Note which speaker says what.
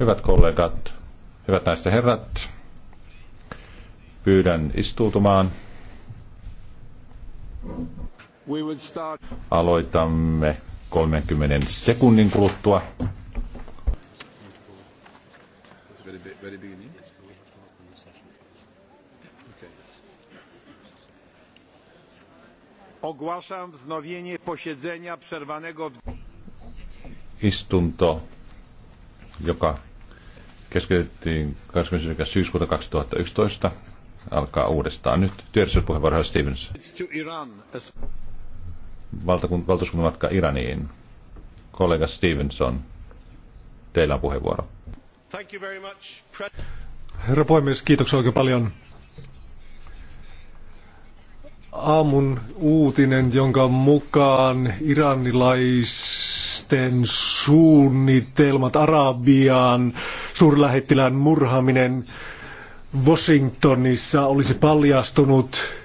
Speaker 1: Hyvät kollegat, hyvät naiset ja herrat, pyydän istuutumaan. Aloitamme 30 sekunnin kuluttua.
Speaker 2: Ogłaszam
Speaker 1: wznowienie posiedzenia przerwanego Istunto joka keskeytettiin 20. syyskuuta 2011, alkaa uudestaan. Nyt työllisyyspuheenvuoro Stevens. valtuuskunnan matka Iraniin. Kollega Stevenson, teillä on
Speaker 2: puheenvuoro. Thank you very much. Herra puhemies, kiitoksia oikein paljon. Aamun uutinen, jonka mukaan iranilais rikosten suunnitelmat, Arabiaan, suurlähettilään murhaaminen Washingtonissa olisi paljastunut